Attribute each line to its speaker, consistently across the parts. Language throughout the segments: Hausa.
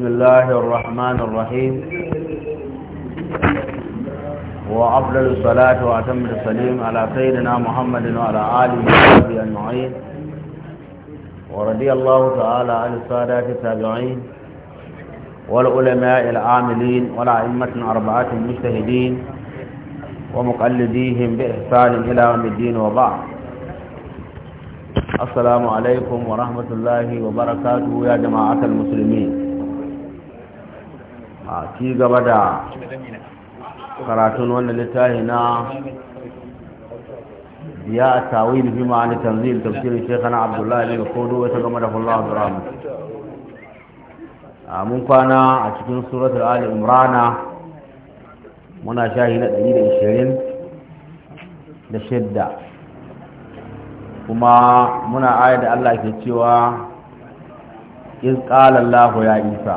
Speaker 1: بسم الله الرحمن الرحيم
Speaker 2: وأفضل الصلاة وأتم السليم على سيدنا
Speaker 1: محمد وعلى آله وصحبه أجمعين ورضي الله تعالى عن السادات التابعين والعلماء العاملين والأئمة الأربعة المجتهدين ومقلديهم بإحسان إلى يوم الدين وبعد السلام عليكم ورحمة الله وبركاته يا جماعة المسلمين a ci gaba da
Speaker 2: karatun wannan littafi na
Speaker 1: biya a tawil fi ma'ani tanzil tafsir shekana abdullahi ne kodo wata gama da hullahu abdurrahman a mun kwana a cikin suratul ali Umrana, muna shahi na 120 da shadda, kuma muna ayar da allah ke cewa in qala ya isa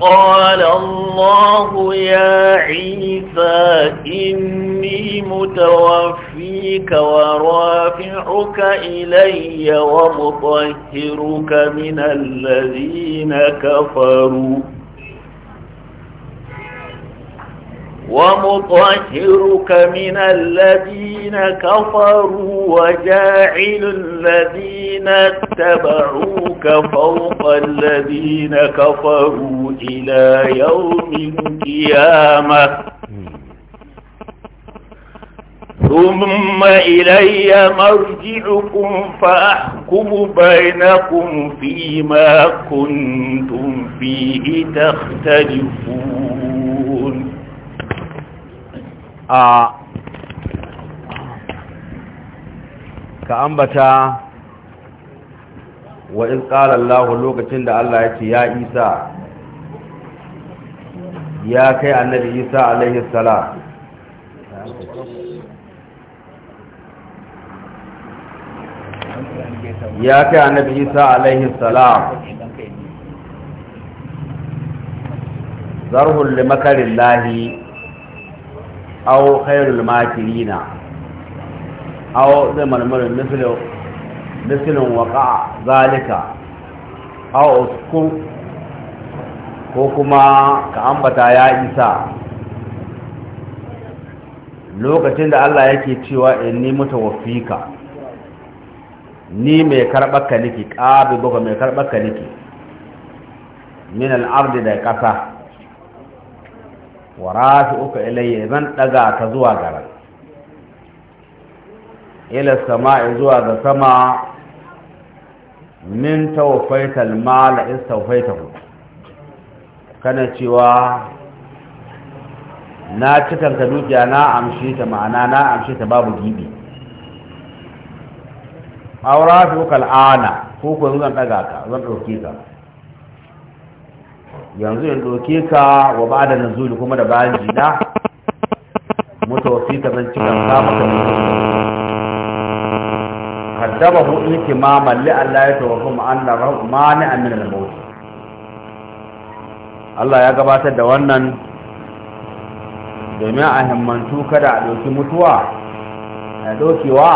Speaker 3: قال الله يا عيسى إني متوفيك ورافعك إلي ومطهرك من الذين كفروا ومطهرك من الذين كفروا وجاعل الذين اتبعوك فوق الذين كفروا إلى يوم القيامة ثم إلي مرجعكم فأحكم بينكم فيما كنتم فيه تختلفون
Speaker 1: a ka ambata
Speaker 4: wa in ƙara
Speaker 1: Allah lokacin da Allah ya ce ya isa ya kai annabi isa alaihi sala
Speaker 2: ya kai annabi
Speaker 1: isa alaihi sala zarhul limakarin lahi aw khairul makirina aw zai marmarin misilin waka zalika aw uskur ko kuma ka ambata ya isa lokacin da Allah yake cewa inni mutawaffika ni mai karɓar ka niki ƙabi baka mai karɓar ka min al'ardi da ƙasa wa uka ilayya zan daga ka zuwa garan ila sama'i zuwa ga sama min tawfaita al is tawfaitahu kana cewa na cikan ka dukiya na amshi ta ma'ana na amshi ta babu gibi aw fi uka ana ko ko zan daga ka zan dauke ka yanzu in doke ka wa ba da nazuli kuma da bayan jina mutu wasi ka zan cikin samun da kaddaba hu iki ma malli Allah ya tawafu ma'anna mani amina da mawuti Allah ya gabatar da wannan domin a himmantu kada a ɗauki mutuwa a ɗaukewa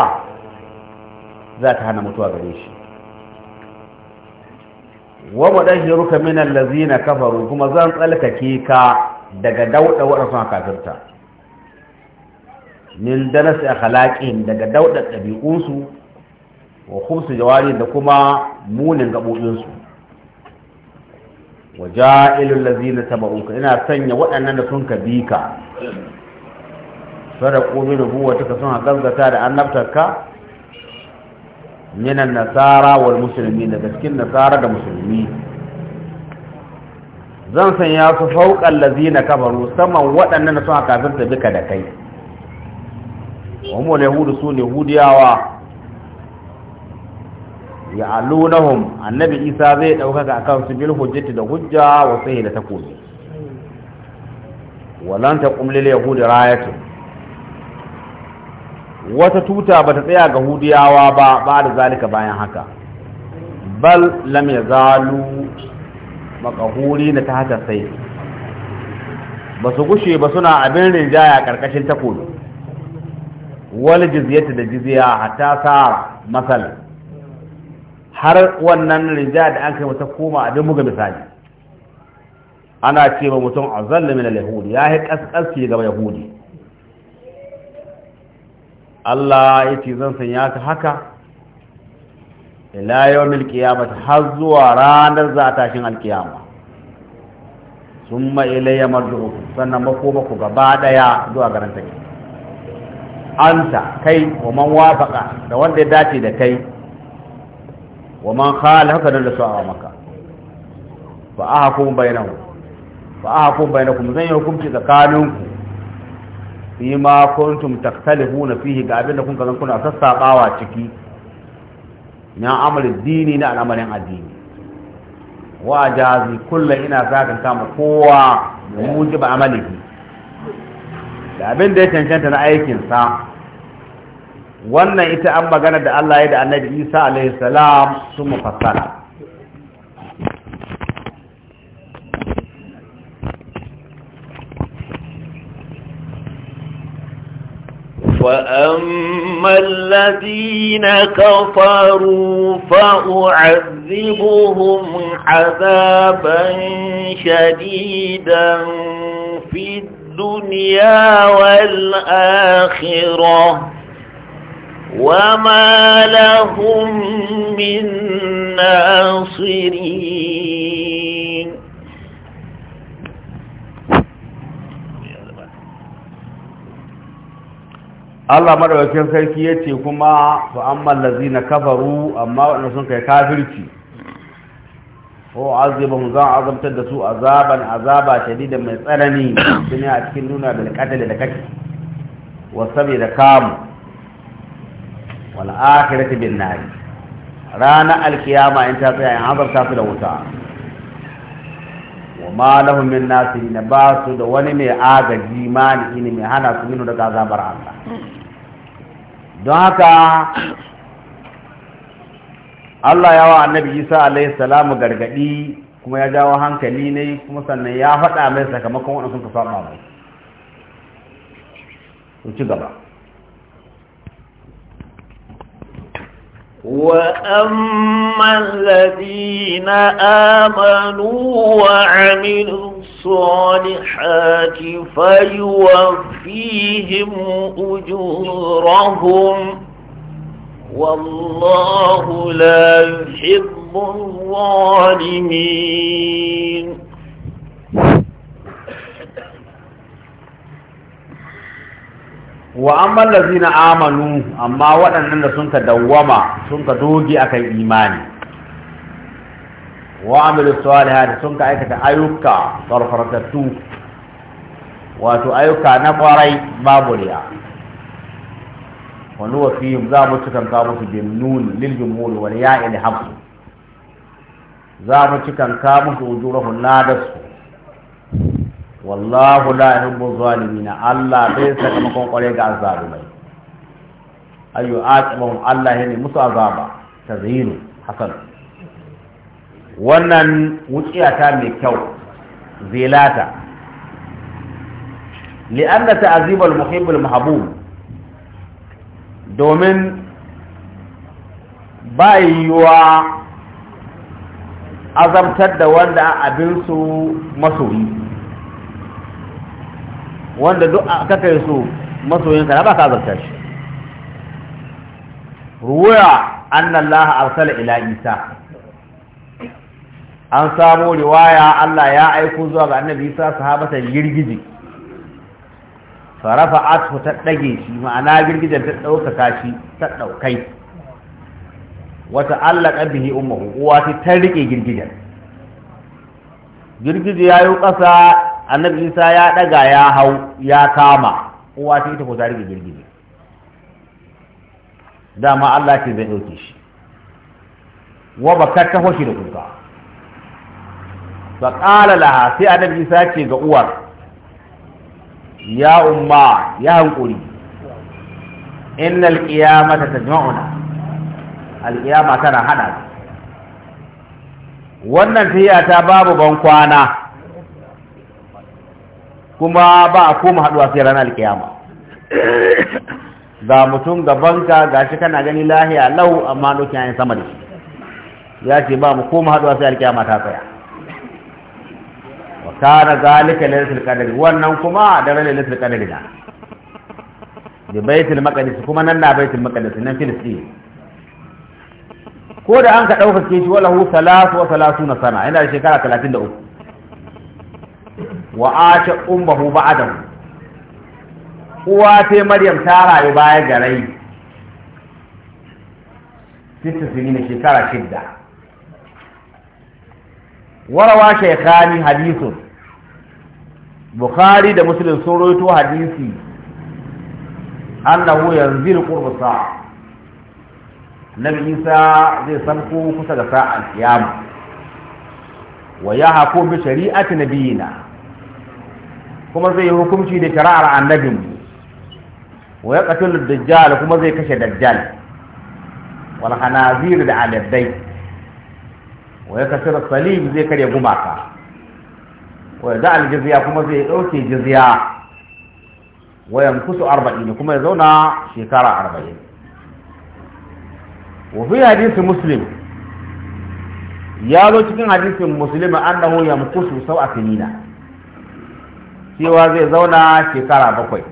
Speaker 1: za ta hana mutuwa gare shi wa mudahhiruka min allazina kafaru kuma zan tsalkake ka daga dauda waɗanda suka kafirta min danas halaƙin, daga dauda ɗabi'unsu wa khubsu jawari da kuma munin gabobinsu wa ja'ilul ladzina tabauka ina sanya waɗannan da sun ka bi ka sadaku bi rubuwatika sun ha da annabtarka minan nasara wa musulmi daga cikin nasara da musulmi zan sanya su fauƙan lazina kafaru saman waɗannan da suna kafin da duka da kai
Speaker 5: wani yahudu su ne
Speaker 1: hudiyawa ya alunahum annabi isa zai ɗaukaka a kansu bil hujjati da hujja wasu da takobi walanta kumlil yahudi rayatun wata tuta ba ta tsaya ga hudiyawa ba ba da zalika bayan haka bal lam ya zalu makahuri na ta hata sai ba su gushe ba suna abin rinjaya karkashin takobi wal jizyata da jizya hatta sa masal har wannan rinjaya da an kai mata koma abin muga misali ana ce mutum azalla min al-yahudi ya yi kaskasci ga yahudi Allah ya ce zan sanya ka haka ila ya qiyamah har zuwa ranar za a tashin alkiyama summa ilayya marjuukum sannan makoma ku gaba daya zuwa garin take anta kai wa man wafaka da wanda ya dace da kai wa man nan da su a maka fa ahkum bainahu fa ahkum bainakum zan yi hukunci tsakaninku fi ma kuntum taktalifuna fihi ga abin da kun kazan kuna sassabawa ciki na amal dini na al'amarin addini wa jazi kullum ina sakan kama kowa da mujiba amalihi da abin da ya cancanta na aikinsa wannan ita an magana da Allah ya da annabi Isa alaihi salam sun mafassara
Speaker 3: وأما الذين كفروا فأعذبهم عذابا شديدا في الدنيا والآخرة وما لهم من ناصرين
Speaker 1: Allah madawakin sarki ya ce kuma fa ammal ladzina kafaru amma wanda sun kai kafirci ko azabahum za azabtar da su azaban azaba shadidan mai tsanani dunya a cikin nuna da katal da kake wa sabida kamu wal akhirati bin nar rana qiyama in ta tsaya in azabta su da wuta wa ma lahum min nasirin ba su da wani mai agaji mani ne mai hana su minu daga azabar Allah don haka Allah ya wa annabi Isa alaihi salamu gargadi kuma ya jawo hankali ne kuma sannan ya faɗa mai sakamakon sun ka ba mai ku ci gaba
Speaker 3: ladina amanu wa وعملوا الصالحات فيوفيهم أجورهم والله لا يحب
Speaker 1: الظالمين وأما الذين آمنوا أما وأن سنك دوما سنك دوجي أكي إيماني wa amilu salihat sun ka aikata ayyuka farfartattu wato ayyuka na kwarai babu riya wani wa fihim za mu ci cikanka musu bin nun lil jumhur wani ya li hafsu za mu ci cikanka musu ujurahun ladarsu wallahu la yuhibbu zalimina Allah bai makon kware ga azzalumai ayu aqibahum Allah ne musu azaba tazhiru hasan wannan wuciyata mai kyau zelata li'anna ta'azibul muhibbul mahbub domin bayyuwa azabtar da wanda su masoyi wanda duk aka kai su masoyinka na ba ka azabta shi ruwa annallaha arsala ila isa an samo riwaya Allah ya aiko zuwa ga annabi isa sahabata girgije farafa atfu ta ɗage shi ma'ana girgijen ta ɗaukaka shi ta ɗaukai wata allaka bihi ummuhu uwa ta ta rike girgijen girgije ya yi ƙasa annabi isa ya ɗaga ya hau ya kama uwa ta ita ko ta rike girgije dama Allah ce zai ɗauke shi wa ba ta hoshi da kuka fa qala laha sai annabi Isa ce ga uwar ya umma ya hankuri innal qiyamata tajma'una al qiyama tana hada wannan tahiya ta babu ban kwana kuma ba a koma haduwa sai ranar alkiyama ga mutum gabanka ga shi kana gani lahiya lau amma dokin yayin sama da shi ya ce ba mu koma haduwa sai alkiyama ta tsaya kana zalika lailatul qadr wannan kuma daren lailatul qadr da bi baitul maqdis kuma nan na baitul maqdis nan filistin ko da an ka dauka ke shi wala hu salatu wa salatuna sana ina da shekara 33 wa ata ummuhu ba'dahu uwa sai maryam ta rayu baya garai sita sinina shekara shidda warawa shaykhani hadithun bukhari da muslim sun rawaito hadisi annahu yanzil qurbu sa'a nabi isa zai sanko kusa da sa'a kiyama wa yahku bi shari'ati nabiyina kuma zai hukunci da shari'ar annabin wa yaqtul dajjal kuma zai kashe dajjal wal khanazir da aladdai wa yakasir salim zai kare gumaka wa da aljiziya kuma zai dauke jiziya wa yankusu arba'in kuma ya zauna shekara arba'in wa fi hadisi muslim ya zo cikin hadisin muslim annahu sau a finina cewa zai zauna shekara bakwai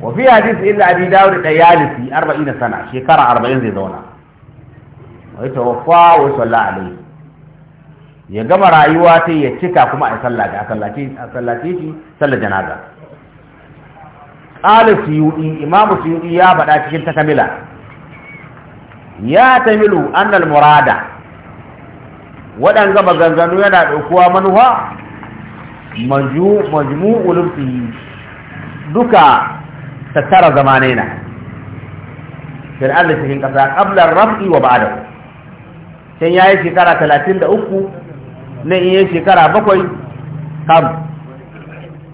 Speaker 1: wa fi hadisi illa abi dawud da yalisi 40 sana shekara arba'in zai zauna wa yatawaffa wa sallallahu alaihi ya gama rayuwa ta ya cika kuma a sallaci a sallaci shi sallar janaza suyudi suyudi ya faɗa cikin takamila ya tamilu annal murada waɗanga maganganu yana ɗaukuwa manuwa majmu'u lubtihi duka tattara zamanaina fil ardi cikin ƙasa qabla rafi wa ba'da sai yayi shekara 33 na iya shekara bakwai kam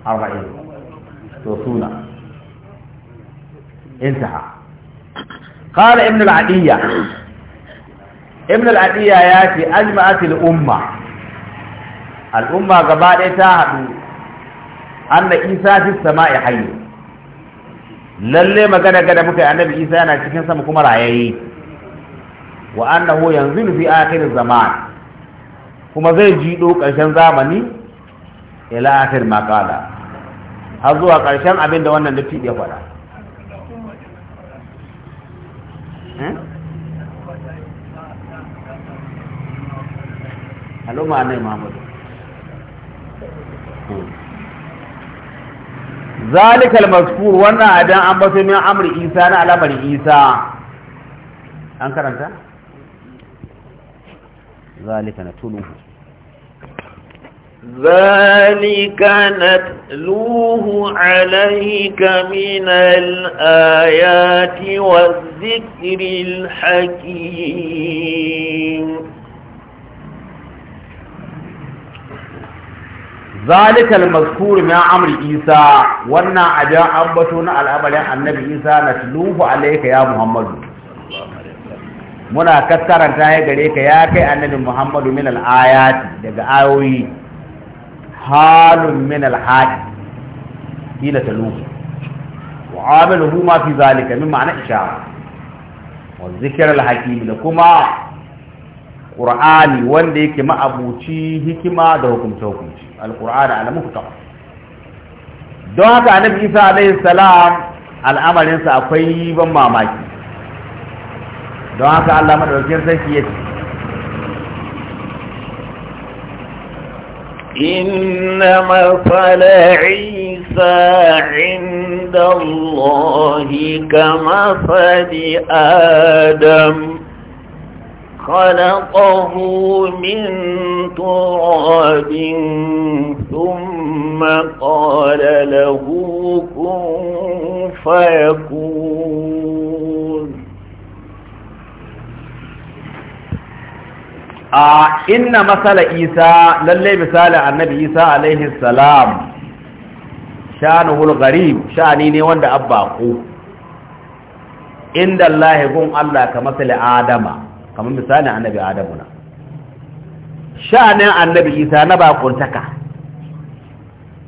Speaker 1: arba'in to suna intaha qala ibn al-adiyya ibn al-adiyya yace ajma'at al-umma al-umma gaba ɗaya ta haɗu anna isa fi sama'i hayy lalle magana gada muka annabi isa yana cikin sama kuma rayayi wa annahu yanzilu fi akhir zaman kuma zai jido ƙarshen zamani ila akhir maqala har zuwa ƙarshen abin da wannan littafi ya faɗa eh? ma ne Muhammadu hmm. zalikal mazkur wannan adan an bato min amri isa na alamar isa an karanta
Speaker 6: ذلك نتلوه
Speaker 1: ذلك
Speaker 3: نتلوه عليك من الآيات والذكر الحكيم
Speaker 1: ذلك المذكور من عمر إيسا وانا أجاء أبتنا الأمر النبي إيسا نتلوه عليك يا محمد muna kaskaranta ya gare ka ya kai annabi muhammadu min al'ayati daga ayoyi halun min al'adi ila taluhu wa amiluhu ma fi zalika min ma'ana ishara wa zikr al-hakim da kuma qur'ani wanda yake ma'abuci hikima da hukunce hukunci al-qur'ani ala muktaq don haka annabi isa alayhi salam al'amarin sa akwai ban mamaki don haka Allah madaukakin sarki yake
Speaker 3: inna masala isa inda Allah kama sadi adam خلقه من تراب ثم قال له كن فيكون
Speaker 1: a inna masala isa lalle misalin annabi isa alaihi salam shanuhul gharib sha'ani ne wanda abbaku inda Allah gun Allah ka masali adama kamar misalin annabi adamu na sha'anin annabi isa na bakuntaka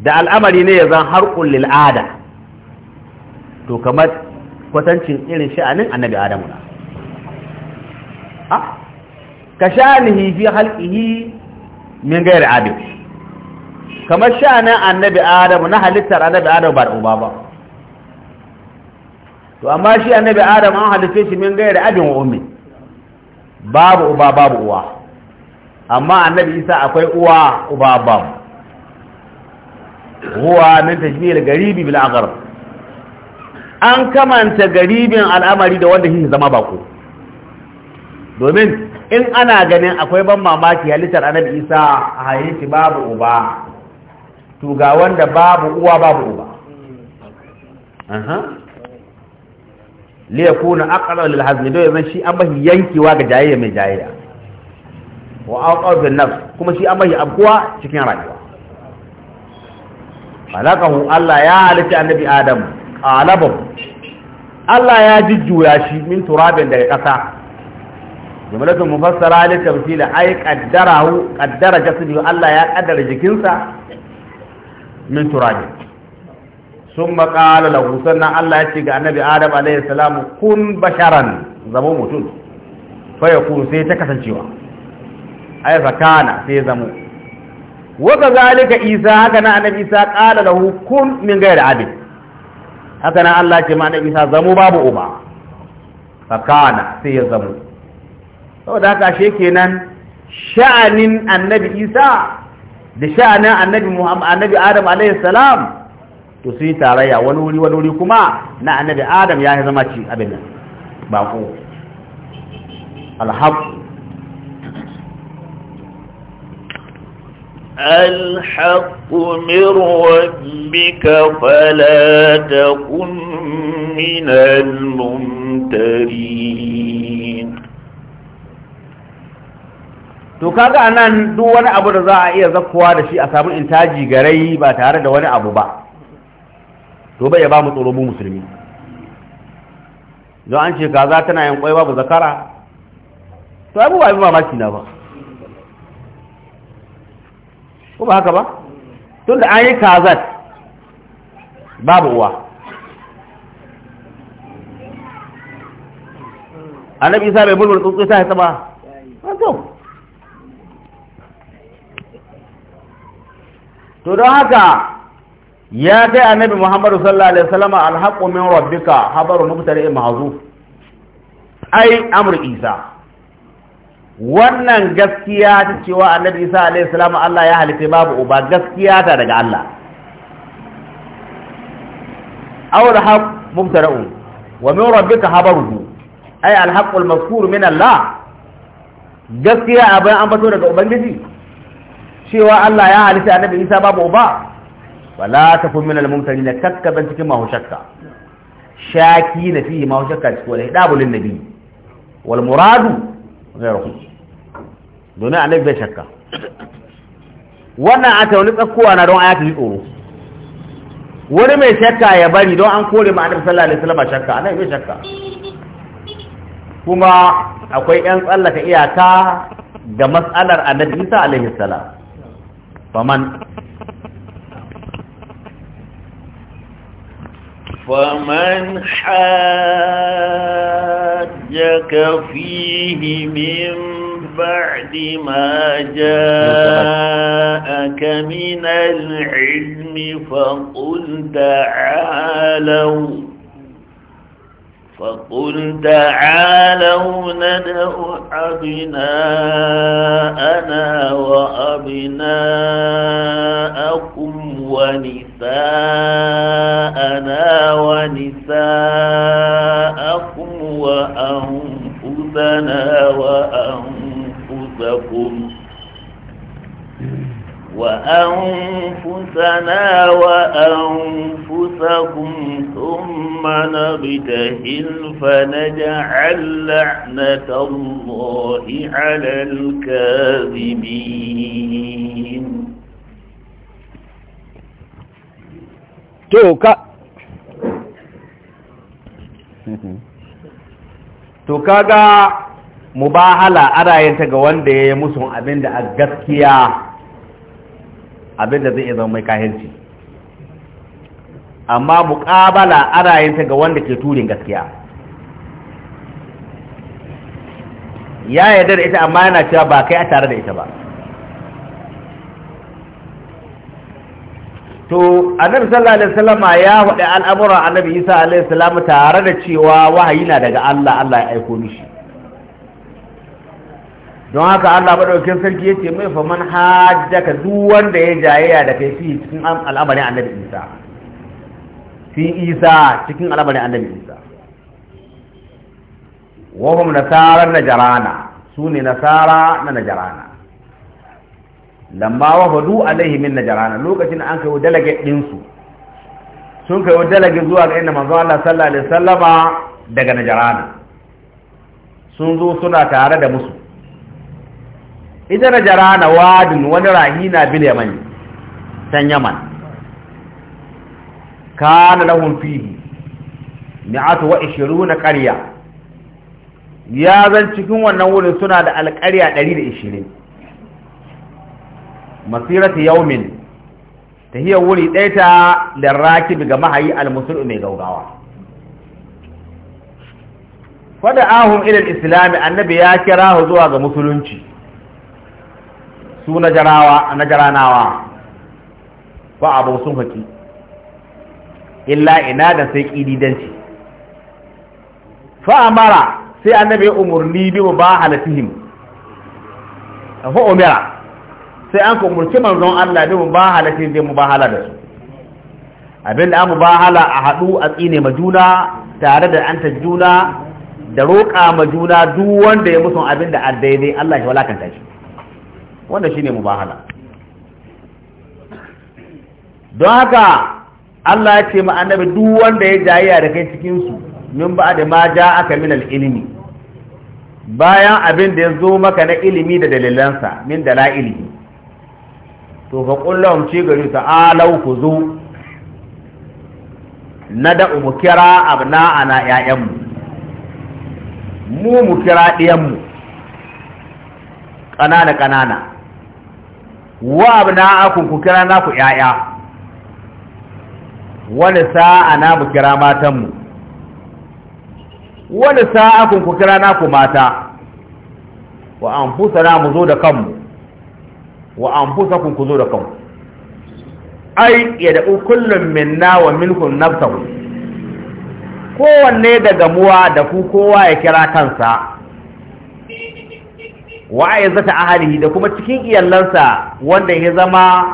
Speaker 1: da al'amari ne ya zan kullil ada to kamar kwatancin irin sha'anin annabi adamu na ah, ka sha'anihi fi halqihi min ghairi abid kamar na annabi adamu na halittar annabi adamu ba da uba ba to amma shi annabi adamu an halitta shi min ghairi abin wa ummi babu uba babu uwa amma annabi isa akwai uwa uba babu huwa min tajmil garibi bil agharb an kamanta garibin al'amari da wanda shi zama bako domin in ana ganin akwai ban mamaki halittar annabi isa a hayyanci babu uba to ga wanda babu uwa babu uba liya kuna aqra lil hazmi do yanzu shi an bahi yankewa ga jayayya mai jayayya wa aqra bin nafs kuma shi an bahi abuwa cikin rayuwa falakahu Allah ya halitta annabi Adam qalabahu Allah ya jujjuya shi min turabin daga ƙasa jumlatun mufassara li tamthila ay qaddarahu qaddara jasadihi Allah ya kaddara jikinsa min turabi summa qala lahu sannan Allah ya ce annabi Adam alayhi salam kun basharan zamo mutum fa yakun sai ta kasancewa ay fa kana sai zamo wa kazalika Isa haka na annabi Isa qala lahu kun min ghairi abid haka na Allah ya ce ma annabi Isa zamo babu uba fa sai ya zamo saboda haka she kenan sha'anin annabi isa da sha'anin annabi muhammad annabi adam alaihi salam to sun yi tarayya wani wuri wani wuri kuma na annabi adam ya zama ci abin nan bako alhaq
Speaker 3: الحق من ربك فلا تكن من
Speaker 1: الممترين to kaga anan duk wani abu da za a iya zakkowa da shi a samu intaji garai ba tare da wani abu ba to bai ba mu tsoro mu musulmi don an ce kaza tana yin kwai babu zakara to abu ba mamaki na ba ko ba haka ba tun da an yi kazat babu uwa annabi isa bai mulmul tsuntsu sai sama ba to to don haka ya kai annabi muhammadu sallallahu alaihi wasallam alhaqqu min rabbika habaru mubtari mahzuf ai amr isa wannan gaskiya ta cewa annabi isa alaihi salam Allah ya halitta babu uba gaskiya ta daga Allah awal haq mubtara'un wa min rabbika habaruhu ai alhaqqul mazkur min Allah gaskiya abin an fito daga ubangiji cewa Allah ya halitta annabi Isa babu uba wala takun minal mumtarin takka ban cikin mahu shakka shaki na fi mahu shakka cikin wala hidabulin nabi wal muradu ghayruhu domin annabi bai shakka wannan a tauni tsakkuwa na don ayatu tsoro wani mai shakka ya bari don an kore ma annabi sallallahu alaihi wasallam shakka annabi bai shakka kuma akwai yan tsallaka iyaka ga mas'alar annabi Isa alaihi salam فمن
Speaker 3: فمن حاجك فيه من بعد ما جاءك من العلم فقل تعالوا فقل تعالوا ندع أبناءنا وأبناءكم ونساءنا ونساءكم وأنفسنا وأنفسكم وأنفسنا وأنفسكم ثم نبتهل فنجعل لعنة الله على الكاذبين
Speaker 1: توكا توكا مباهلة أرأيتك وانده مسلم أبند الجسكية abin da zai iya zama mai kahirci amma muƙabala ana yin ta ga wanda ke turin gaskiya ya yarda da ita amma yana cewa ba kai a tare da ita ba to annabi sallallahu alaihi wasallam ya faɗi al'amura annabi isa alaihi salam tare da cewa wahayi na daga Allah Allah ya aiko mishi don haka Allah madaukakin sarki yace mai fa man hajjaka duk wanda ya jayayya da kai fi cikin al'amarin Annabi Isa fi Isa cikin al'amarin Annabi Isa wa hum nasara su ne nasara na najarana lamma wafadu alaihi min najarana lokacin an kai wadalage din su sun kai wadalage zuwa ga inda manzo Allah sallallahu alaihi wasallama daga najarana sun zo suna tare da musu ita na jara na wadin wani rahina bil yamani san yaman kana lahum fihi mi'atu wa ishiruna qarya ya zan cikin wannan wurin suna da alƙarya 120 masirati yawmin hiya wuri ɗaya ta lirrakib ga mahayi almusulmi mai gaugawa fada ahun ila islami annabi ya kira zuwa ga musulunci su na jarawa na jaranawa ba abu sun haki illa ina da sai kididanci fa amara sai annabi ya umarni bi ba halatihim fa umara sai an umurci manzon Allah bi ba halatihim bi mubahala da su abinda an mubahala a hadu a tsine ma juna tare da an juna da roƙa ma juna duk wanda ya musu abinda da dai Allah ya walakanta shi wanda shi shine mubahala don haka Allah ya ce ma'anabi annabi duk wanda ya jayayya da kai cikinsu min ba da ma ja aka min ilimi bayan abin da ya zo maka na ilimi da dalilansa min da ilimi to ka kullum ci gari alau ku zo na da mu kira abna ana ‘ya'yanmu mu mu kira ɗiyanmu ƙanana ƙanana wa akun ku kira naku yaya wani sa'a na mu kira matanmu wani sa'a kun ku kira naku mata wa an fusa na mu zo da kanmu wa an fusa kun ku zo da kanmu ai ya da kullum minna wa milkun nafsahu kowanne daga muwa da ku kowa ya kira kansa wa zata ahalihi da kuma cikin iyalansa wanda ya zama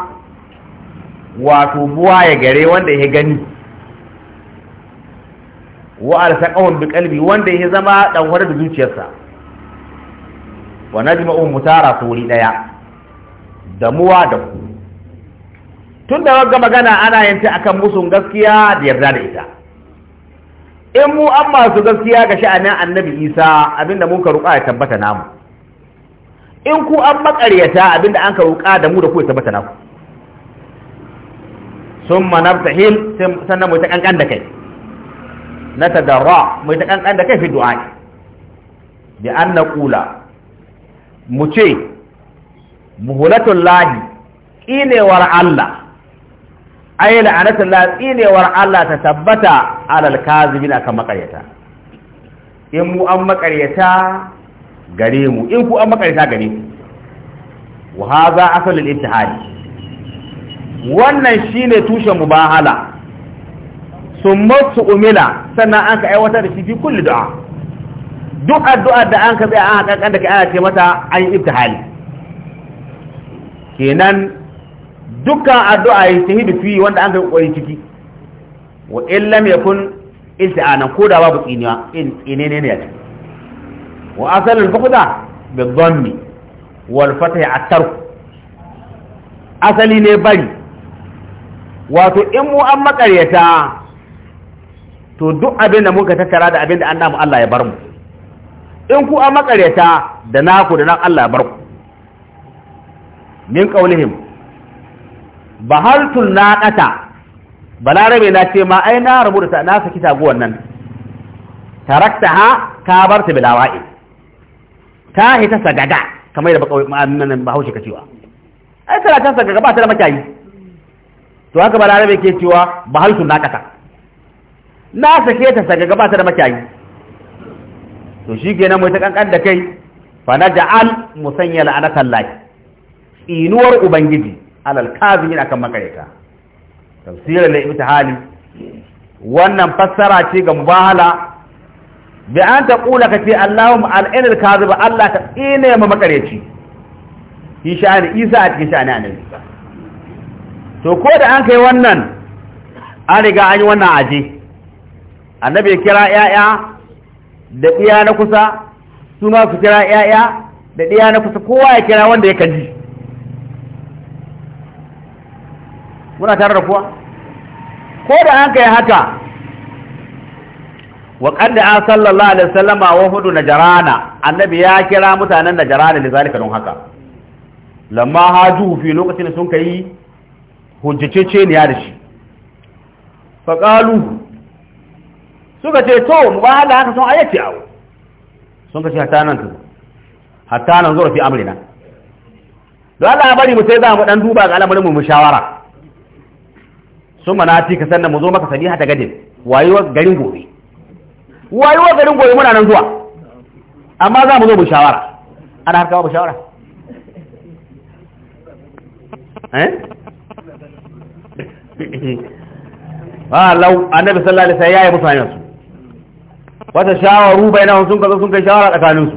Speaker 1: wato buwa ya gare wanda ya gani wa alsaqahum bi qalbi wanda ya zama danwar da zuciyarsa wa najma'u mutara suri daya da muwa da ku tun da wagga magana ana yanta akan musun gaskiya da yarda da ita in mu an masu gaskiya ga sha'anin annabi isa abinda mun ka ruƙa ya tabbata namu in ku an makaryata abinda an ka da mu da ku ya tabbata naku sun manabtahil sannan mu ta kankan da kai na tadarra mu ta kankan da kai fi du'a bi an naqula mu ce muhulatul lahi qinewar Allah ai la'anatul la ƙinewar Allah ta tabbata alal kazibin kan makaryata in mu an makaryata gare mu in ku an makarita gare ku wa haza asalul ittihad wannan shine tushen mubahala summa umila sannan an ka aiwatar da shi fi kulli du'a duk addu'a da an ka tsaya an hakan da kai ana ce mata an yi kenan dukkan addu'a yi shahidu fi wanda an ka kokari ciki wa illam yakun isti'ana ko da babu tsiniya in ne ne ya ciki وأصل الفقدة بالضم والفتح على asali ne bari wato in mu an makaryata to duk abin muka tattara da abin da an namu Allah ya bar mu in ku an makaryata da naku da nan Allah ya bar ku min qaulihim bahaltul balarabe na ce ma ai na rabu da rubuta na saki taguwan nan tarakta ha ka barta bilawa'i ta ta sagaga kamar da ma'amanan bahaushe ka cewa ai tana ta sagaga ba ta da makiyayi to haka balarabe ke cewa bahalsu na kasa na sake ta sagaga ba ta da makiyayi to shi kenan mai ta kankan da kai fana da al musanya la'anatan lahi inuwar ubangiji alal kazimin akan makareta tafsirin da ibtihali wannan fassara ce ga mubahala bi an ta kula ka ce Allahumma al'inil kadhiba Allah ka ina ma makareci shi sha'ani Isa a cikin sha'ani annabi to ko da an kai wannan an riga an yi wannan aje annabi ya kira yaya da ɗiya na kusa su ma su kira yaya da ɗiya na kusa kowa ya kira wanda ya kaji muna tare da kuwa ko da an kai haka wa qad an sallallahu alaihi wasallam wa hudu najrana annabi ya kira mutanen najrana da zalika don haka lamma haju fi lokacin da sun kai hujjacece ne ya da shi fa qalu suka ce to mu ba haka sun ayyace awo sun ka ce hatta nan ka hatta nan zuwa fi amrina don Allah bari mu sai za mu dan duba ga al'amarin mu mu shawara sun manati ka sannan mu zo maka saniha ta gadin wayewar garin gobe wayewa garin gobe muna nan zuwa amma za mu zo mu shawara ana harkawa mu shawara eh? ah law annabi sallallahu alaihi wasallam ya yi mutanen su wata shawaru bainahum sun kazo sun kai shawara tsakanin su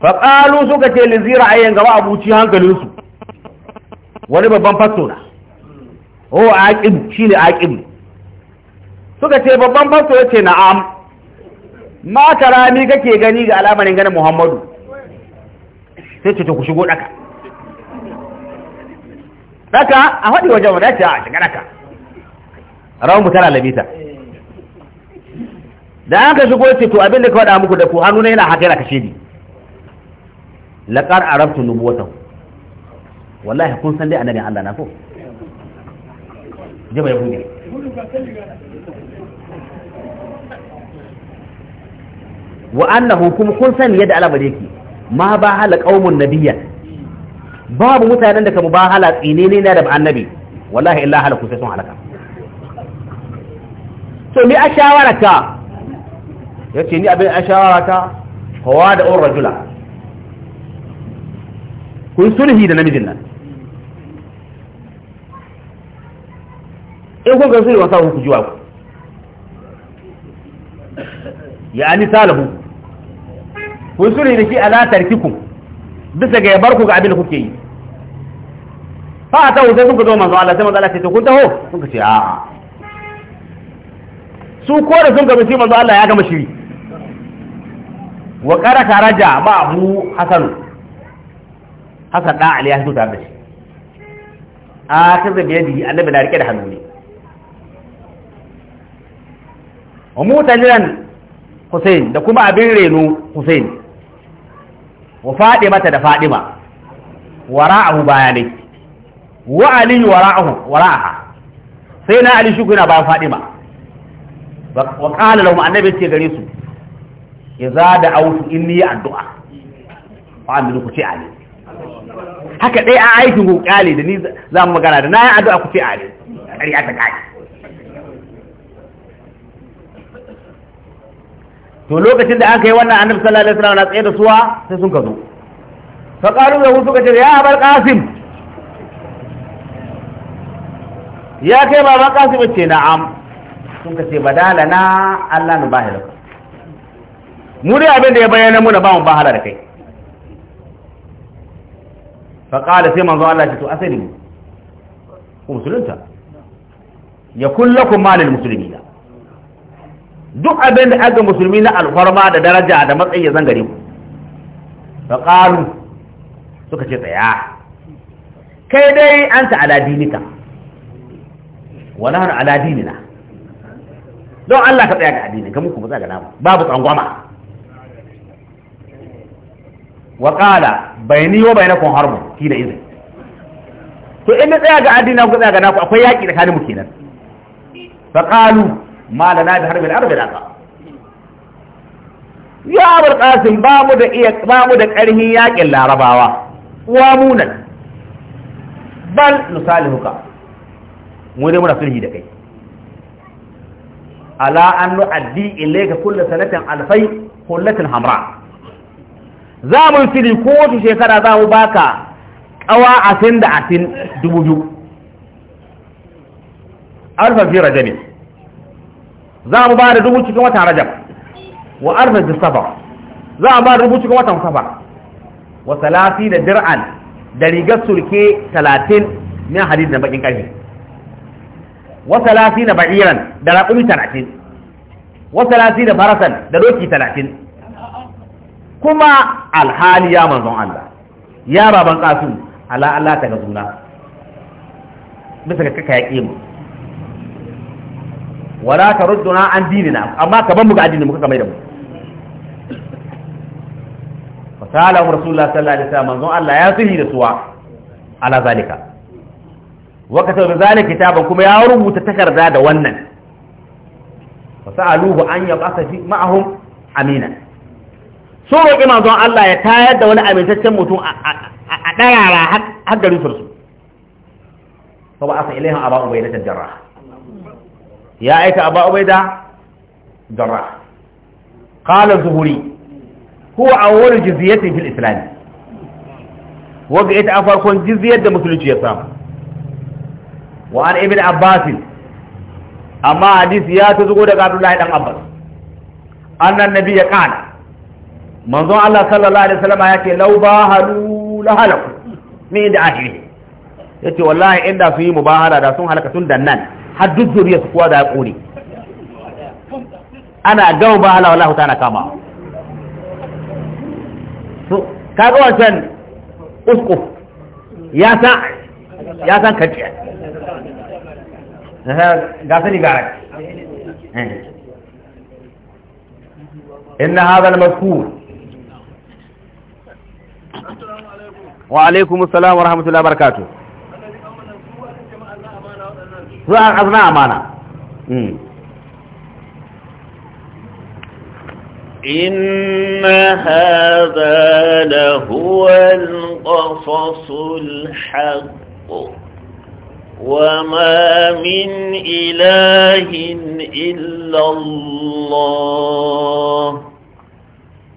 Speaker 1: fa qalu suka ce li zira ayyan gaba abuci hankalin su wani babban fasto na o oh, aqib shine aqib suka ce babban fasto ya ce na'am ma rami kake gani ga al'amarin ganin muhammadu sai ce ku shigo daka daka a haɗi wajen ce a shiga daka rawan mu tana labita da ka shigo ce to abin da ka faɗa muku da ku hannu na yana haƙe na kashe ni laqad arabtu nubuwatahu wallahi kun san dai annabin Allah na ko jiba ya hude wa annahu kuma kun sani yadda alamar yake ma ba hala qaumun nabiyya babu mutanen da kamu ba hala tsinene na da annabi wallahi illa hala sai sun halaka to ni a shawararka yace ni abin a shawararka kowa da ur rajula kun sulhi da namijin nan in kun gamsu wasa ku jiwa ku ya ani salahu kun suri da shi ala tarkikum bisa ga yabar ku ga abin da kuke yi fa ta wuce sun ka zo manzo Allah sai manzo Allah ce to kun taho sun ka ce a'a su ko da sun shi manzo Allah ya gama shiri wa qara raja ba abu hasan hasan da ali ya fito da shi a kaza biyadi annabi na rike da hannu ne wa mutajiran Hussein da kuma abin reno Hussein wa Fadimata da Fadima wara'ahu bayanai wa Ali wara'ahu wara'aha sai na Ali shugo yana bayan Fadima wa qala lahum annabi ce gare su idza da'awtu inni addu'a fa aminu ku ce Ali haka dai a aikin ku kyale da ni za mu magana da na yi addu'a ku ce Ali ƙarya ta kai to lokacin da aka yi wannan annabi sallallahu alaihi wasallam na tsaye da suwa sai sun kazo fa qalu lahu suka ce ya abul qasim ya kai baba qasim ce na'am sun ka ce badala na Allah nu bahira mu dai abin da ya bayyana muna ba mu bahala da kai fa qala sai manzo Allah ce to asali ku musulunta yakul lakum malil muslimin duk abin da aka musulmi na alfarma da daraja da matsayi ya zangare ku da qalu suka ce tsaya kai dai an ta dinika wani nahnu ala don Allah ka tsaya ga adini ka kuma tsaya ga namu babu tsangwama wa qala bayni wa bainakum harbun da izin to in tsaya ga na ku tsaya ga naku akwai yaki tsakanin mu kenan fa qalu malana da harbin arbi da ka ya abar kasim ba mu da iya ba mu da ƙarhin yaƙin larabawa wa munan bal nusalihuka mu dai muna sulhi da kai ala an nu'addi ilayka kullu sanatin alfai kullatin hamra za mu fili wata shekara za mu baka kawa asin da asin dubu biyu alfa fi rajabin za mu ba da dubu cikin watan rajab wa arba da safar za mu ba da dubu cikin watan saba. wa salati da dir'an da rigar sulke talatin min hadid na bakin karfe wa salati na ba'iran da raƙumi talatin wa salati da farasan da doki talatin kuma alhali ya manzon Allah ya baban kasu ala Allah ta ga zuna bisa ga kaka ya mu wala tarudduna an dinina amma ka ban mu ga addinin mu ka mai da sallallahu alaihi wasallam manzon Allah ya sihi da suwa ala zalika wa kuma ya rubuta takarda da wannan fasaluhu an yaqasa fi ma'ahum amina so roƙi manzon Allah ya tayar da wani amintaccen mutum a ɗarara har garin sursu fa ba asa ilaihim bai na jarrah ya aika abai da zara qala zuhuri huwa wani jizyatin fil Islami. wadda ita a farkon jiziyar da musulunci ya samu wa an ibn abbas amma hadisi ya ta zugo daga abdullahi dan abbas annan nabi ya kana manzon Allah sallallahu alaihi wasallam ya ce ba Halu la halaku ni da ahli yace wallahi inda su yi mubahara da sun halaka tun da nan har duk zuriya su kowa da ya kore ana gama ba hala wallahu ta'ala kama so kaga wancan uskuf ya san ya san kace ga sani ga inna hadha al-mazkur wa alaikum assalam wa rahmatullahi wa barakatuh إن
Speaker 3: هذا لهو القصص الحق وما من إله إلا الله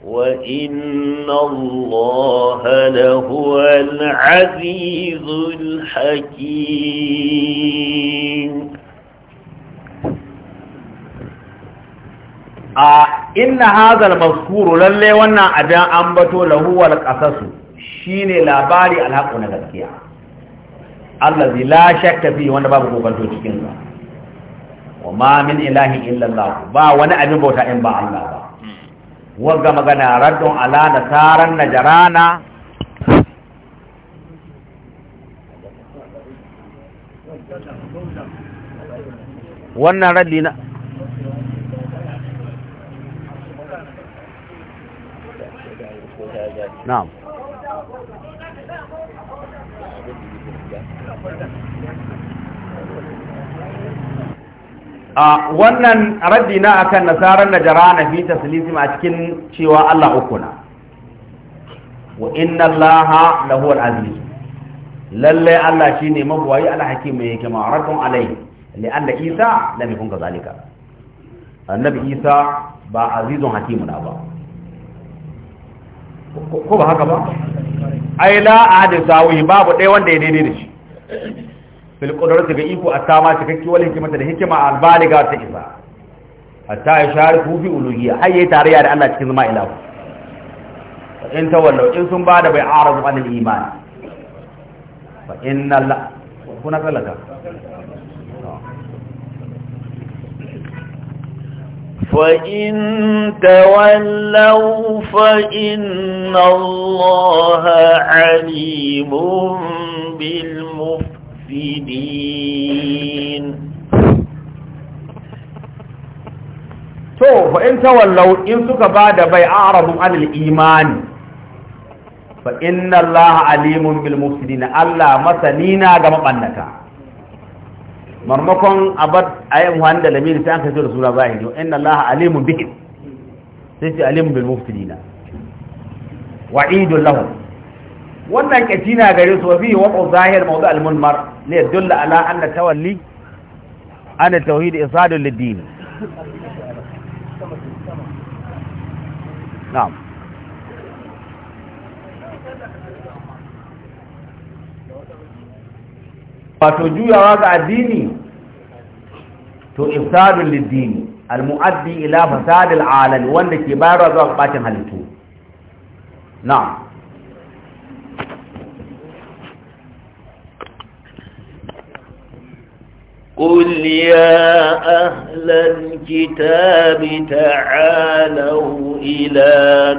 Speaker 3: وإن الله لهو العزيز الحكيم
Speaker 1: a inna hazal maskuru lalle wannan abin ambato lahu wal qasasu shine labari alhaqu na gaskiya allazi la shakka fi wanda babu kokanto cikin sa wa ma min ilahi illa ba wani abin bauta in ba allah ba wagga magana raddun ala nasaran najarana wannan raddi na na'am a wannan raddi na akan nasarar najara na fi taslisim a cikin cewa Allah uku na wa inna allaha lahu al-aziz lalle Allah shine mabwayi al-hakim mai hikima rabbun alai li'anna Isa lam yakun kadhalika annabi Isa ba azizun hakimun ba ko ba haka ba ai la ahadin sawi babu ɗaya wanda ya daidai da shi fil qudrati ga iko atama kake wal hikimata da hikima al baliga ta isa hatta ya shariku fi uluhiyya ai yayi tarayya da Allah cikin zama ilahu in tawallu in sun bada bai an al iman fa inna la kuna kallaka
Speaker 3: فإن تولوا فإن الله عليم بالمفسدين
Speaker 1: to fa in tawallau in suka bada bai a'radu anil imani fa inna alimun bil Allah allah masanina ga mabannata marmakon abad ayyam wani da lamiri sai an kai da sura bayan yau inna allaha alimun bihim sai ce alimun bil mufsidina wa'idun lahum wannan katina gare su fi wa zahir mawdu al munmar ne yadulla ala anna tawalli ana tauhid isadul lid na'am wato juyawa ga addini to ifsadun lidini al-mu'addi ila fasadil alal wanda ke bayarwa zuwa bacin halittu na'am
Speaker 3: قل يا أهل الكتاب تعالوا إلى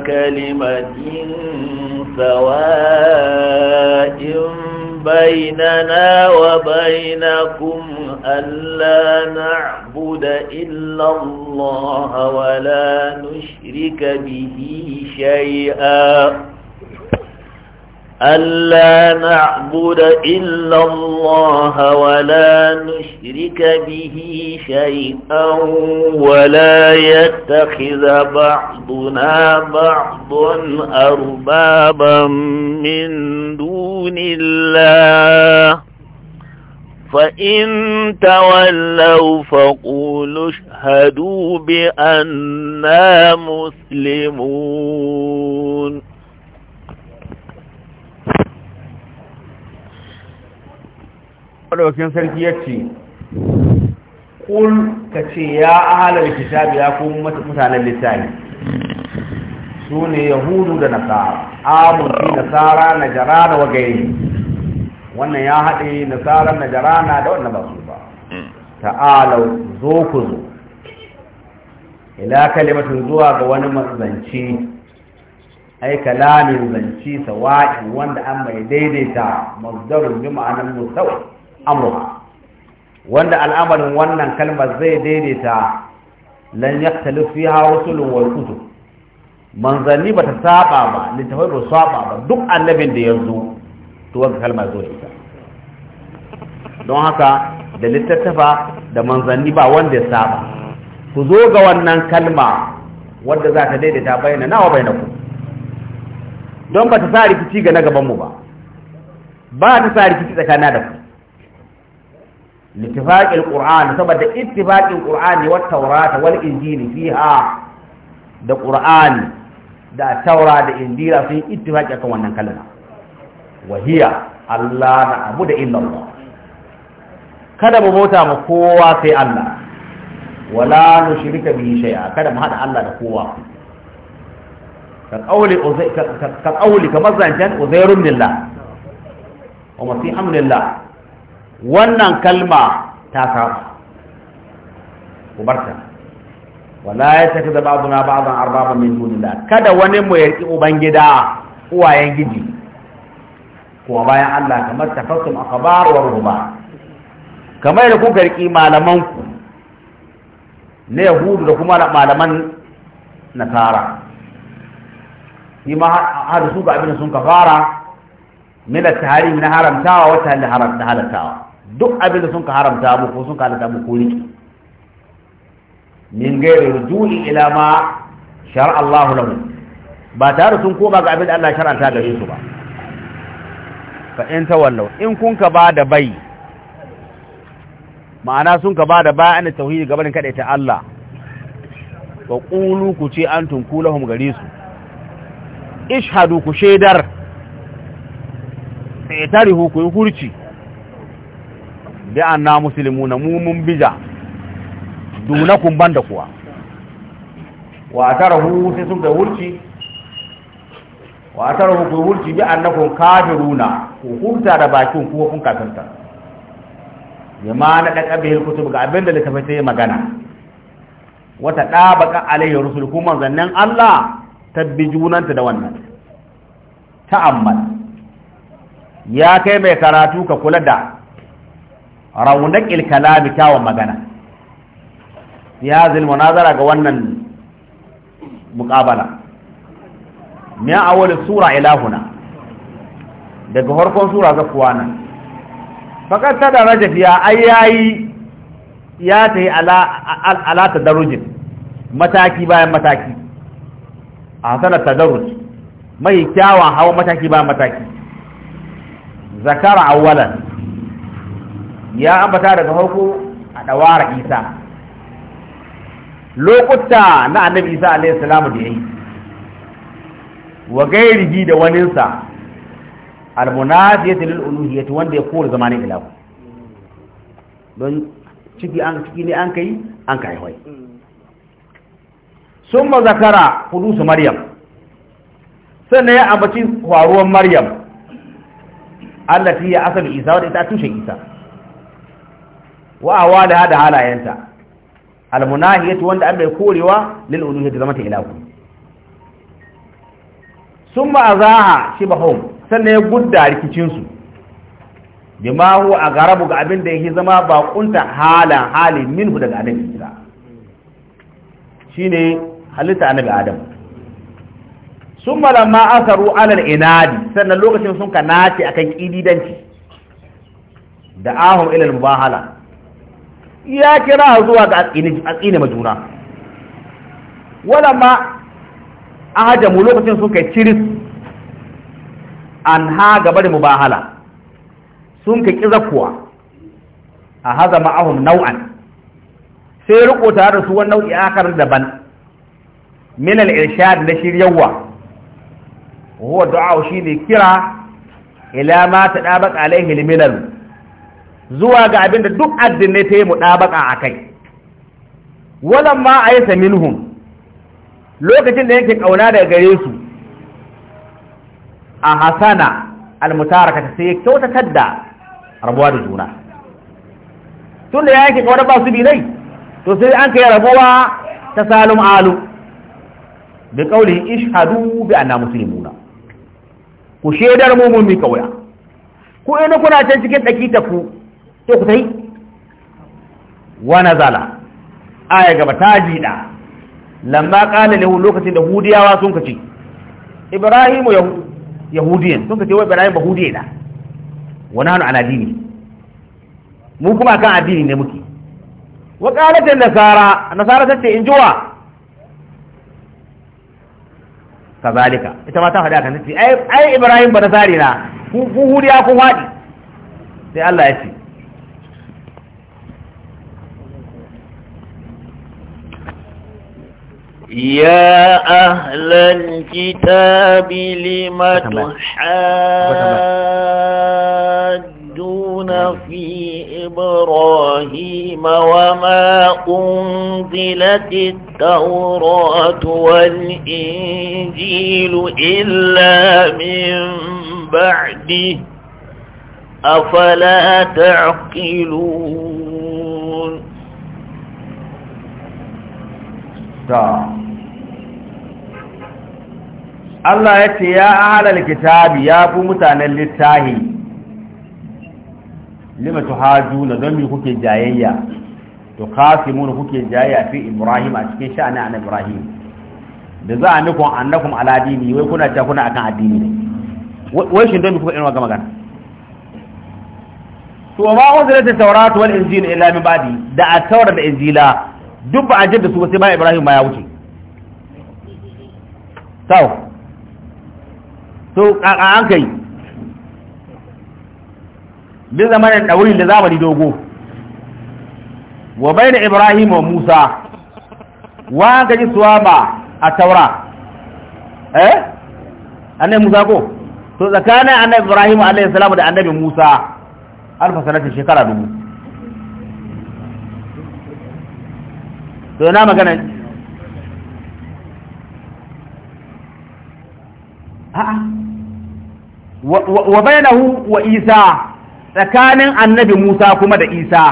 Speaker 3: كلمة سواء بيننا وبينكم ألا نعبد إلا الله ولا نشرك به شيئا ألا نعبد إلا الله ولا نشرك به شيئا ولا يتخذ بعضنا بعضا أربابا من دون الله فإن تولوا فقولوا اشهدوا بأننا مسلمون
Speaker 1: madaukakin sarki ya ce kul ka ce ya ahalar kitabi ya kuma mutanen littani su ne yahudu da nasara amurki nasara na jarana wa wagayi wannan ya haɗe nasara na jarana da wannan ba su ba ta'alau zo ku zo ila kalimatin zuwa ga wani mazanci ai kalamin zanci sawa'i wanda an mai daidaita mazdarun bi ma'anar musawai amruha wanda al'amarin wannan kalmar zai daidaita lan yaktalu fiha rusulun wal kutub manzanni bata saba ba littafai ba saba ba duk annabin da ya zo to wannan kalmar zo ita don haka da littattafa da manzanni ba wanda ya saba ku zo ga wannan kalma wadda za ta daidaita bayyana nawa bayyana ku don ba ta sa rikici ga na gaban mu ba ba ta sa rikici tsakanin da ku لاتفاق القرآن سبب اتفاق القرآن والتوراة والإنجيل فيها ده قرآن ده التوراة ده إنجيل في اتفاق يكون نكلنا وهي الله نعبد إلا الله kada mu bauta ma kowa sai Allah wala nushrika bihi shay'a kada mu hada Allah da kowa ka qauli ka qauli kamar zancen wannan kalma ta saba ku barta. wala ya tafi da ba'duna ba'dan arbaba min dunillah kada wani mu yarki ubangida uwayen gidi, kuma bayan Allah kamar tafassum akhbar wa ruhba kamar da kuka riki malaman ku na yahudu da kuma malaman nasara shi ma har su ga abin sun kafara min at-tahrim na haramtawa wata da haramta halatawa duk abin da sun ka haramta muku sun ka halatta muku riki min gairi rujui ila ma shar Allahu lahu ba tare sun koma ga abin da Allah shar'anta gare su ba fa in tawallu in kun ka ba da bai ma'ana sun ka ba da bayan tauhidi gabanin kada ta Allah wa qulu ku ce antum kulahum gare su ishadu ku shaidar sai tarihu ku yi hurci bi na muslimuna mu mun bija ban banda kuwa wa atarahu sai sun ga wurci wa atarahu ku wurci bi annakum kafiruna ku hurta da bakin ku kun kafirta ma na da kabihil kutub ga abinda littafai sai magana wata dabaka alayhi rusul kuma zannan Allah tabbijunanta da wannan amma ya kai mai karatu ka kula da raunak ilkalami kyawun magana fi hazil munazara ga wannan muƙabala. ya awali sura ilahuna daga farkon sura ga kuwana fakat ta da rajafiya ai yayi ya tayi ala ala mataki bayan mataki a sanar tadarruj mai kyawun hawa mataki bayan mataki zakara awwalan ya ambata daga farko a dawara isa lokuta na annabi isa alayhi salamu da yayi wa gairihi da waninsa almunadiyatu lil uluhiyyati wanda ya kore zamanin ilahu don ciki an ciki ne an kai an kai hoyi summa zakara hudusu maryam sannan ya ambaci kwaruwar maryam allati ya asali isa wadda ta tushe isa wa da hada halayenta almunahiyatu wanda an bai korewa lil uluhiyya zama ta ilahu summa azaha shibahum sannan ya gudda rikicin su bima huwa agarabu ga abinda da yake zama kunta halan halin minhu daga annabi kira shine halitta annabi adam summa lamma asaru alal inadi sannan lokacin sun ka nace akan kididanci da ahum ila mubahala ya kira zuwa ga atsine majuna ma a ahadamu lokacin sun kai ciris an ha gaba da mubahala sun ka kiza kuwa a haza ma'ahum nau'an sai riko tare da su wani nau'i akar daban min al-irshad na shiryawa huwa du'a shi ne kira ila ma dabaka alaihi al zuwa ga abin da duk addinai ta yi mu muɗabaka a kai walan ma a yi saminhum lokacin da yake ƙauna daga gare su a hasana almutaraka sai ya kyautatar da rabuwa da juna tun da ya yake ƙaunar ba su binai to sai an kai rabuwa ta salum alu da ƙaunin ishadu bi anna muslimuna ku shaidar mu mun mi kauya ku ina kuna can cikin ɗaki ta ku sai ku sai wa nazala aya gaba ta jida lamma qala lahu lokacin da hudiyawa sun kace ibrahim yahudiyan sun kace wa ibrahim ba hudiyai da wa nanu ala dini mu kuma kan addini ne muke wa qalat nasara nasara tace in jiwa kazalika ita ma ta a kan tace ai ai ibrahim ba nasari na ku hudiya ku fadi sai Allah ya ce
Speaker 3: يا أهل الكتاب لم تحاجون في إبراهيم وما أنزلت التوراة والإنجيل إلا من بعده أفلا تعقلون
Speaker 1: نعم. Allah ya ce ya ahalar kitabi ya fi mutanen littahi lima haju na don mi kuke jayayya to na kuke jayayya fi Ibrahim a cikin sha'ani an Ibrahim da za a mikon annakum ala dini wai kuna ta kuna akan addini ne wai shi don mi kuka irwa ga magana to ma unzilat ta taurat wal injil illa min ba'di da a taurat da injila duk ba a da su sai ba Ibrahim ma ya wuce to ƙaƙa an kai bi zamanin daurin da zamani dogo wa bayna ibrahim wa musa wa ga ji ba a taura eh annabi musa ko to tsakanin annabi ibrahim alayhi salamu da annabi musa alfa sanatin shekara dubu to na magana a'a wa bainahu wa isa tsakanin annabi musa kuma da isa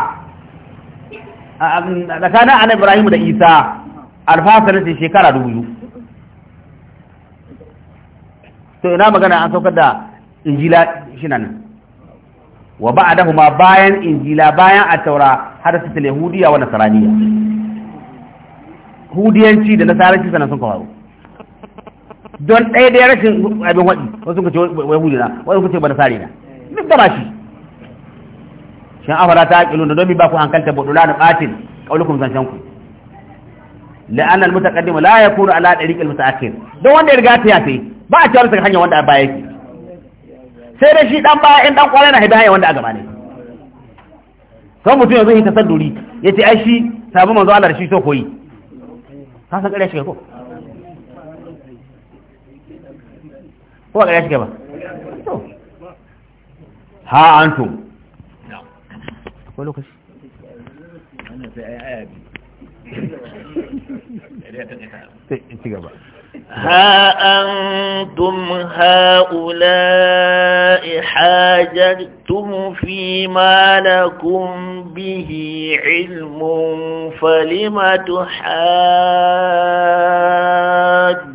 Speaker 1: tsakanin annabi ibrahim da isa alfasar da shekara dubu to ina magana an saukar da injila shi nan wa ba'dahuma bayan injila bayan at-taura har su yahudiya wa nasraniya hudiyanci da nasaranci sanan sun kawo don ɗaya da rashin abin waɗi wasu ka ce wai hujina wasu ka ce bana sare na duk da bashi shin afara ta aƙilu da domin ba ku hankalta bodula da ɓatin ƙaunukun zancen ku la'an al kaddima la kuna ala tariq al-mutaakhir don wanda ya riga ta yafe ba a cewa ta hanya wanda a baya yake sai da shi ɗan baya in ɗan kwarai na hanyar wanda a gaba ne sai mutum yanzu yi tasadduri ce ai shi sabon manzo Allah da shi so koyi ka san ƙarya shi ko ko ga shi gaba ha ko lokaci
Speaker 3: ana sai ai ci gaba ها أنتم هؤلاء حاجتم فيما لكم به علم فلم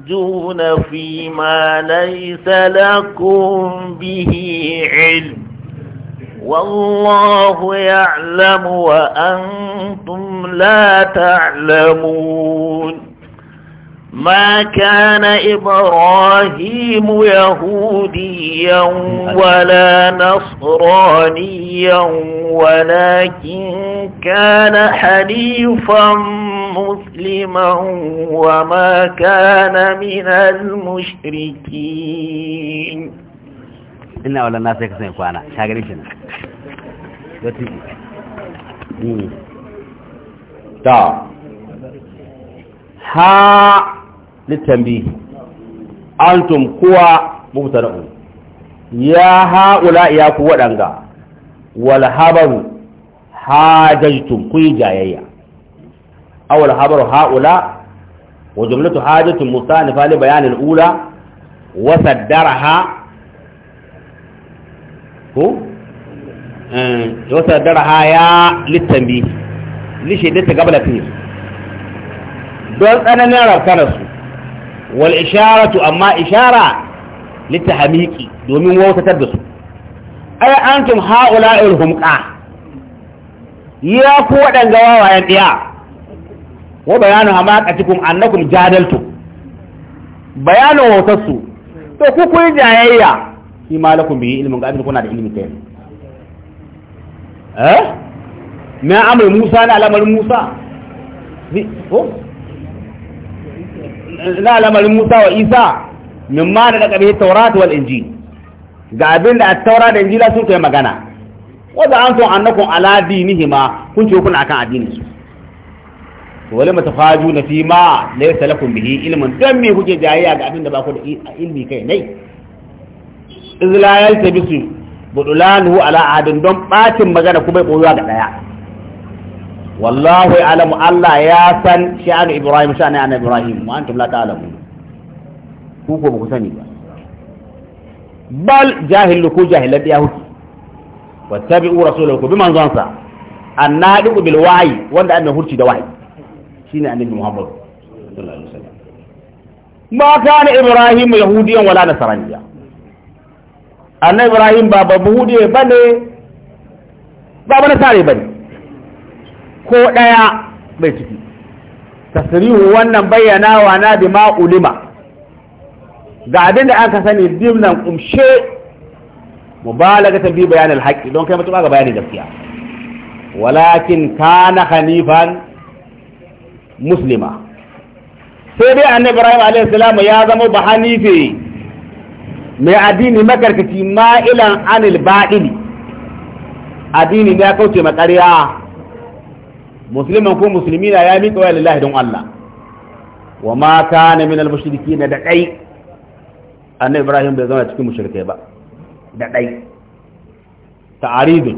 Speaker 3: تحاجون فيما ليس لكم به علم والله يعلم وأنتم لا تعلمون ما كان إبراهيم يهوديا ولا نصرانيا ولكن كان حنيفا مسلما وما كان
Speaker 1: من المشركين إنا ولا الناس يكسين إخوانا شاكرين شنا تا طيب. ها littambi antum kuwa mubtada'un ya haula ya ku waɗanga wal habaru hajajtum ku jayayya awal habaru haula wa jumlatu hajatun mustanifa li bayan al-ula wa saddaraha ko eh wa saddaraha ya da ta gabala don tsananin rafkanarsu wal isharatu amma ishara litahmiki domin wautatar da su ay antum haula'il humqa ya ku waɗanga wawayen ɗiya wa bayanu hamaqatikum annakum jadaltu bayanin wautarsu to ku kun jayayya shi ma lakum bi ilmin ga kuna da ilmi kai eh na amr Musa na al'amarin Musa na lamarin Musa wa Isa min ma da daga bai Taurat wal Inji ga abin da Taurat da Injila sun kai magana wanda an tun annakun ala ma kun ce kuna akan addinin su to mata faju na fi ma yi salakun bihi ilimin don me kuke jayayya ga abin da ba ku da ilmi kai nai izla yaltabisu nuhu ala adin don ɓacin magana kuma bai koyuwa ga daya والله يعلم الله يا سن شأن إبراهيم شأن أنا إبراهيم وأنتم لا تعلمون كوكو مكسني بل جاهل لكو جاهل لديهوتي واتبعوا رسولكم بمن ظنصا النادق بالوعي وانا أنه هرشي دوعي شين عن ابن محمد صلى الله عليه وسلم ما كان إبراهيم يهوديا ولا نصرانيا أن إبراهيم بابا بهودي بني بابا نصاري بني ko ɗaya bai ciki tasirihu wannan bayyana wa na bi ulima ga abin da aka sani dimnan kumshe mubalaga ta bi bayanin haƙƙi don kai mutum ga bayanin gaskiya walakin kana hanifan muslima sai dai annabi ibrahim alaihi salam ya zama ba hanife mai addini makarkaci ma'ilan anil ba'ili addini ya kauce ma ƙarya musliman ko musulmi na ya miƙa waya lillahi don Allah wa ma kana min al-mushriki na da dai annabi Ibrahim bai zama cikin mushrikai ba da dai ta'aridun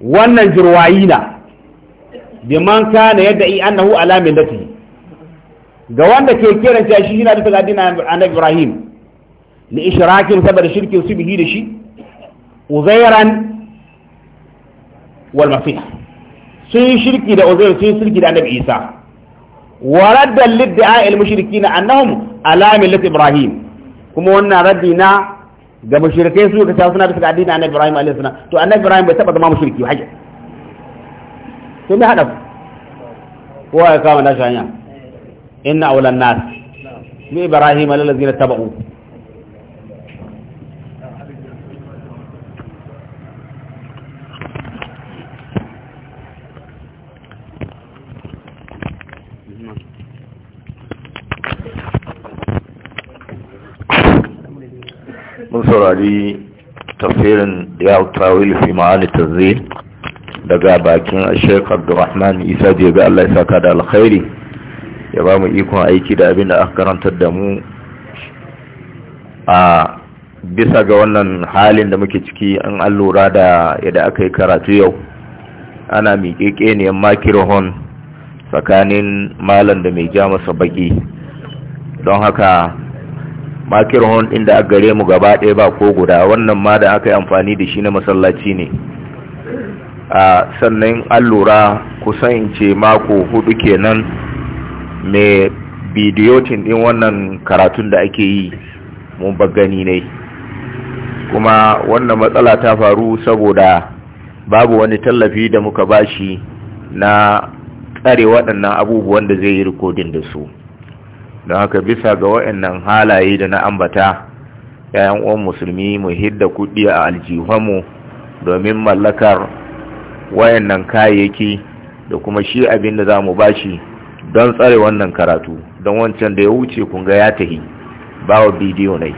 Speaker 1: wannan na bi man kana yad'i annahu ala millati ga wanda ke kiran cewa shi yana bisa addinin annabi Ibrahim li ishrakin saboda shirkin su bihi da shi uzairan wal masih sun yi shirki da uzair sun yi shirki da annabi isa wa raddan lidda'a al mushrikina annahum ala millati ibrahim kuma wannan raddi na ga mushrikai su ka suna da addinin annabi ibrahim alaihi salam to annabi ibrahim bai taba zama mushriki haje to me hada kowa ya kama nashi hanya inna awlan nas mi ibrahim alladhina tabau
Speaker 5: yi tafsirin ya tawil fi ma'ani tazil daga bakin Sheikh Abdulrahman Isa je ga Allah ya saka da alkhairi ya ba mu ikon aiki da abin da aka karantar da mu a bisa ga wannan halin da muke ciki an allura da yadda aka yi karatu yau ana miƙeƙe ne makirhon tsakanin malam da mai ja masa baƙi don haka makirhon din da aka gare mu gaba ɗaya ba ko guda wannan ma da aka yi amfani da shi na masallaci ne a sannan an lura kusan ce mako hudu kenan mai bidiyotin din wannan karatun da ake yi mun bagani ne kuma wannan matsala ta faru saboda babu wani tallafi da muka bashi na tsare waɗannan abubuwan da zai yi rikodin da su don haka bisa ga wa'annan halaye da na ambata yayan uwan musulmi mu hidda kuɗi a aljihunmu domin mallakar wayannan kayayyaki da kuma shi abin da za mu bashi don tsare wannan karatu don wancan da ya wuce ga ya tahi ba wa bidiyo ne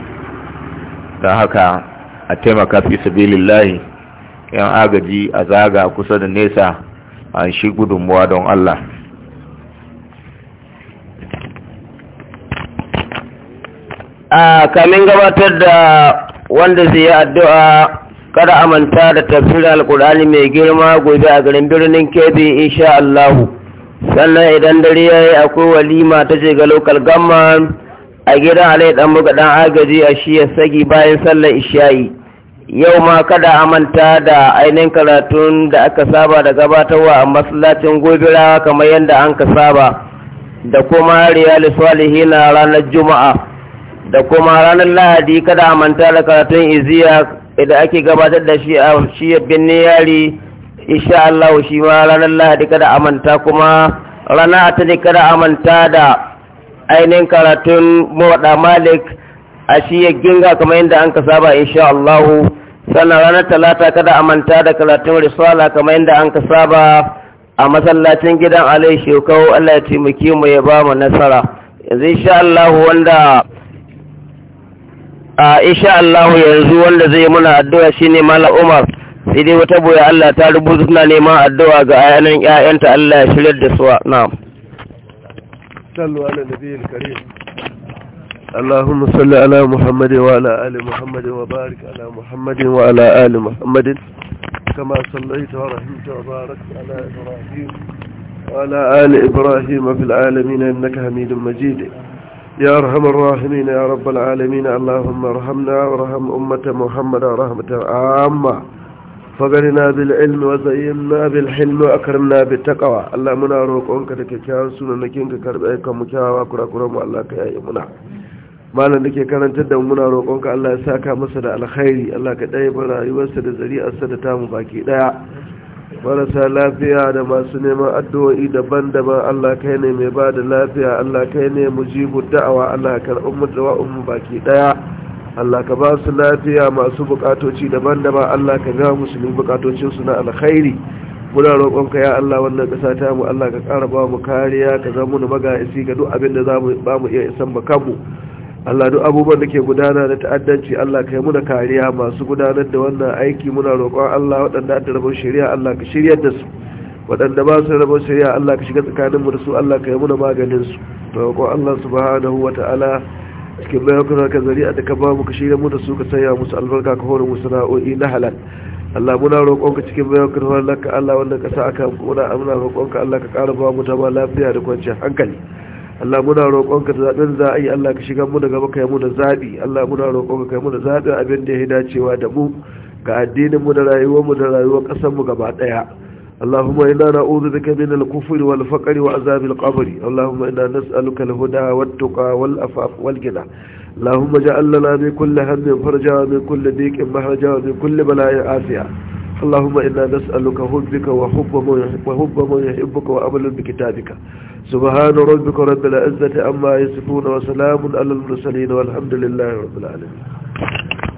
Speaker 5: don haka a taimaka fi sabilillahi yan agaji a zaga kusa da nesa an shi gudunmuwa don Allah
Speaker 6: a kamin gabatar da wanda zai yi addu'a kada a manta da tafsirin alkur'ani mai girma gobe a garin birnin kebe insha Allahu sannan idan dare ya yi akwai walima ta ce ga lokal gamma a gidan alai dan buga dan agaji a shi ya sagi bayan sallar isha'i yau ma kada a manta da ainihin karatun da aka saba da gabatarwa a masallacin gobira kamar yadda an ka saba da kuma riyali salihi na ranar juma'a da kuma ranar lahadi kada a manta da karatun iziya idan ake gabatar da shi a shiyar birnin yari insha Allah shi ma ranar lahadi kada a manta kuma rana ta ne kada a manta da ainihin karatun mawaɗa malik a shiyar ginga kamar yadda an ka saba insha Allah sannan ranar talata kada a manta da karatun risala kamar yadda an ka saba a masallacin gidan alai shekau Allah ya taimaki mu ya ba mu nasara yanzu insha Allah wanda a isha Allah yanzu wanda zai muna addu’a shine ne Mala Umar, sai dai wata boye Allah ta rubutu suna neman addu’a ga ayanin ‘ya’yanta
Speaker 4: Allah ya shirar da su na’am. Sallu ala Nabiyar Karim, Allahumma salli ala Muhammadin wa ala Ali Muhammadin wa barik ala Muhammadin wa ala Ali Muhammadin, kama sallai ta rahim ta barak ala Ibrahim wa ala Ali Ibrahim a fil alamin na ka hamidun majidai. يا أرحم الراحمين يا رب العالمين اللهم ارحمنا وارحم أمة محمد رحمة عامة فقرنا بالعلم وزينا بالحلم وأكرمنا بالتقوى اللهم نروك أنك تكيان سنة نكينك كربئك مكاوى كرا كرا الله كيا يمنا malam da ke karantar da muna roƙonka Allah ya saka masa da alkhairi Allah ka ɗaya bara rayuwarsa da zari'arsa da tamu baki ɗaya marasa lafiya da masu neman addu'o'i daban-daban Allah kai ne mai ba da lafiya Allah kai ne mujibu da'awa Allah karɓar mu da'awa'un mu baki ɗaya Allah ka ba su lafiya masu bukatoci daban-daban Allah ka ga musulmi bukatocin na alkhairi muna roƙon ka ya Allah wannan ƙasa ta mu Allah ka ƙara ba mu kariya ka zama mu magaisi ga duk abin da za mu iya isan ba kanmu Allah duk abubuwan da ke gudana da ta'addanci Allah kai muna kariya masu gudanar da wannan aiki muna roƙon Allah waɗanda da rabon shari'a Allah ka shiryar da su waɗanda ba su rabon shari'a Allah ka shiga tsakanin mu da su Allah kai muna maganin su to roƙon Allah subhanahu wata'ala cikin bayan kuna ka zari'a da ka ba mu ka shirya mu da su ka sanya musu albarka ka hore musu sana'o'i na halal Allah muna roƙon ka cikin bayan allah ka Allah wannan ƙasa aka muna amna roƙon ka Allah ka ƙara ba mu ta ba lafiya da kwanciyar hankali Allah muna roƙonka da zaɓen za a yi Allah ka shiga mu daga maka yamu da zaɓi Allah muna roƙonka ka yamu da zaɓin abin da ya yi dacewa da mu ga addininmu da rayuwar mu da rayuwar ƙasar gaba ɗaya Allahumma inna na'udhu bika min al-kufri wal faqri wa azab al-qabr Allahumma inna nas'aluka al-huda wat-tuqa wal-afaf wal-ghina Allahumma ja'al lana min kulli hammin farja wa min kulli dhiqin mahraja wa min kulli bala'in afiya اللهم إنا نسألك حبك وحب من يحبك وأمل بكتابك سبحان ربك رب العزة أما يصفون وسلام على المرسلين والحمد لله رب العالمين